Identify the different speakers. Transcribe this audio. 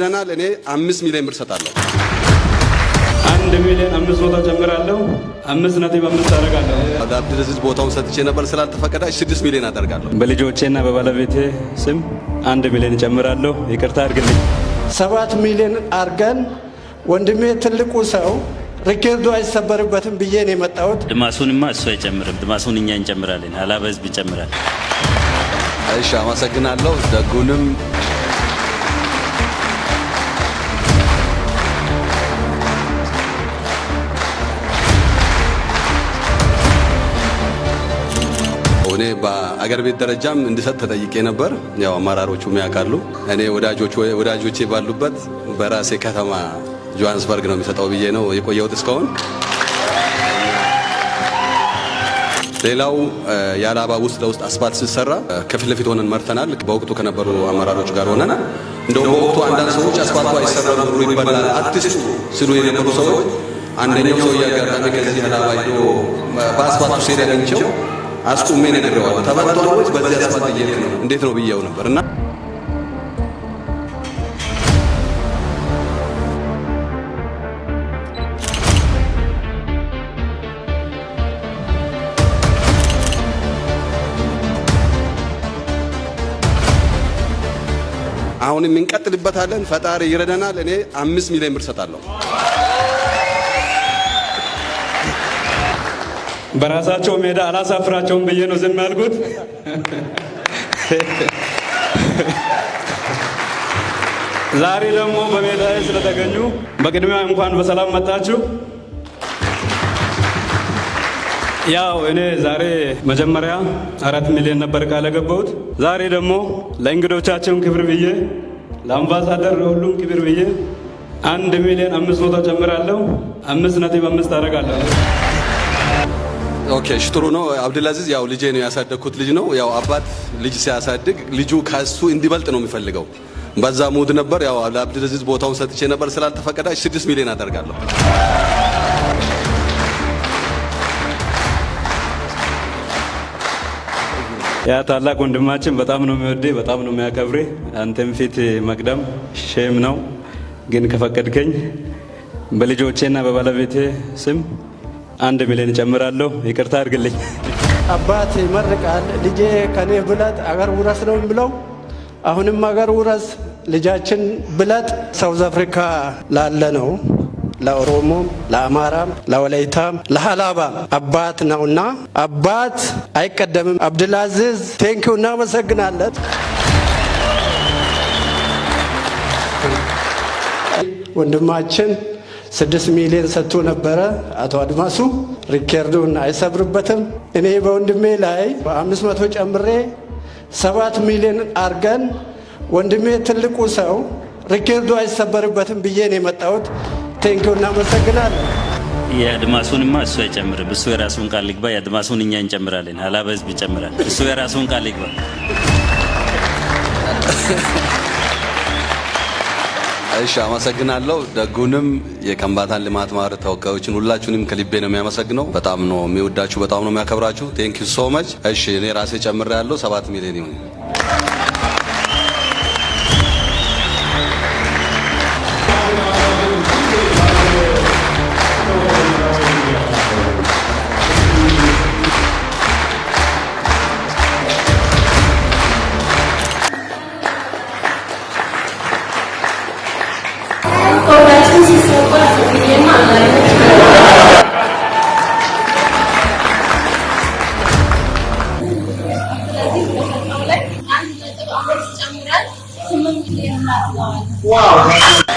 Speaker 1: ደናል እኔ አምስት ሚሊዮን ብር ሰጣለሁ። አንድ ሚሊዮን አምስት ቦታ ጀምራለሁ። አምስት ነጥብ አምስት አደርጋለሁ። አብድልዚዝ ቦታውን ሰጥቼ ነበር ስላልተፈቀደ ስድስት ሚሊዮን አደርጋለሁ።
Speaker 2: በልጆቼና በባለቤቴ ስም አንድ ሚሊዮን ጨምራለሁ። ይቅርታ አድርግልኝ።
Speaker 3: ሰባት ሚሊዮን አድርገን ወንድሜ ትልቁ ሰው ሪኬርዶ አይሰበርበትም ብዬን ነው የመጣሁት።
Speaker 2: ድማሱንማ እሱ አይጨምርም። ድማሱን እኛ እንጨምራለን። አላባ ህዝብ ይጨምራል።
Speaker 1: እሺ፣ አመሰግናለሁ። ደጉንም እኔ በአገር ቤት ደረጃም እንድሰጥ ተጠይቄ ነበር። ያው አመራሮቹ ያውቃሉ። እኔ ወዳጆቼ ባሉበት በራሴ ከተማ ጆሃንስበርግ ነው የሚሰጠው ብዬ ነው የቆየሁት እስካሁን። ሌላው የአላባ ውስጥ ለውስጥ አስፋልት ሲሰራ ከፊት ለፊት ሆነን መርተናል። በወቅቱ ከነበሩ አመራሮች ጋር ሆነን እንደውም በወቅቱ አንዳንድ ሰዎች አስፋልቱ አይሰራም ብሩ ይበላል አትስጡ ሲሉ የነበሩ ሰዎች አንደኛው ሰው እያጋጣሚ ከዚህ አላባ ሄዶ በአስፋልቱ ሲሄድ አግኝቼው አስቁሜ ነግሬዋለሁ። ተበቷል ወይ በዚያ ሰዓት እየሄድክ ነው እንዴት ነው ብዬው ነበር እና አሁን የምንቀጥልበታለን። ፈጣሪ ይረዳናል። እኔ አምስት ሚሊዮን ብር ሰጣለሁ።
Speaker 2: በራሳቸው ሜዳ አላሳፍራቸውም ብዬ ነው ዝም ያልኩት። ዛሬ ደግሞ በሜዳ ላይ ስለተገኙ በቅድሚያ እንኳን በሰላም መጣችሁ። ያው እኔ ዛሬ መጀመሪያ አራት ሚሊዮን ነበር ቃል ዛሬ ደግሞ ለእንግዶቻችን ክብር ብዬ ለአምባሳደር ለሁሉም ክብር ብዬ አንድ ሚሊዮን አምስት መቶ ጨምራለሁ። አምስት ነጥብ አምስት አደርጋለሁ።
Speaker 1: ኦኬ ሽጥሩ ነው አብድልአዚዝ ያው ልጄ ነው ያሳደግኩት ልጅ ነው። ያው አባት ልጅ ሲያሳድግ ልጁ ከሱ እንዲበልጥ ነው የሚፈልገው። በዛ ሙድ ነበር። ያው ለአብዱልአዚዝ ቦታውን ሰጥቼ ነበር። ስላልተፈቀደ ስድስት ሚሊዮን አደርጋለሁ። ያ
Speaker 2: ታላቅ ወንድማችን በጣም ነው የሚወደ፣ በጣም ነው የሚያከብሬ። አንተም ፊት መቅደም ሼም ነው፣ ግን ከፈቀድከኝ በልጆቼና በባለቤቴ ስም አንድ ሚሊዮን እጨምራለሁ። ይቅርታ አድርግልኝ።
Speaker 3: አባት ይመርቃል። ልጄ ከኔ ብለጥ አገር ውረስ ነው ብለው አሁንም አገር ውረስ ልጃችን ብለጥ ሳውዝ አፍሪካ ላለ ነው ለኦሮሞም፣ ለአማራም፣ ለወላይታም፣ ለሀላባም አባት ነውና አባት አይቀደምም። አብድልአዚዝ ቴንኪው እናመሰግናለን። ወንድማችን ስድስት ሚሊዮን ሰጥቶ ነበረ። አቶ አድማሱ ሪከርዱን አይሰብርበትም። እኔ በወንድሜ ላይ በአምስት መቶ ጨምሬ ሰባት ሚሊዮን አርገን ወንድሜ ትልቁ ሰው ሪከርዱ አይሰበርበትም ብዬ ነው የመጣሁት። ቴንኪው እናመሰግናለን።
Speaker 2: የአድማሱንማ እሱ አይጨምርም። እሱ የራሱን ቃል ይግባ። የአድማሱን እኛ እንጨምራለን። ሀላባ ህዝብ ይጨምራል። እሱ የራሱን ቃል
Speaker 1: ይግባ። እሺ አመሰግናለሁ። ደጉንም የከምባታን ልማት ማህበር ተወካዮችን ሁላችሁንም ከልቤ ነው የሚያመሰግነው። በጣም ነው የሚወዳችሁ፣ በጣም ነው የሚያከብራችሁ። ቴንክ ዩ ሶ መች። እሺ እኔ ራሴ ጨምሬ ያለው ሰባት ሚሊዮን ይሁን።
Speaker 3: 哇！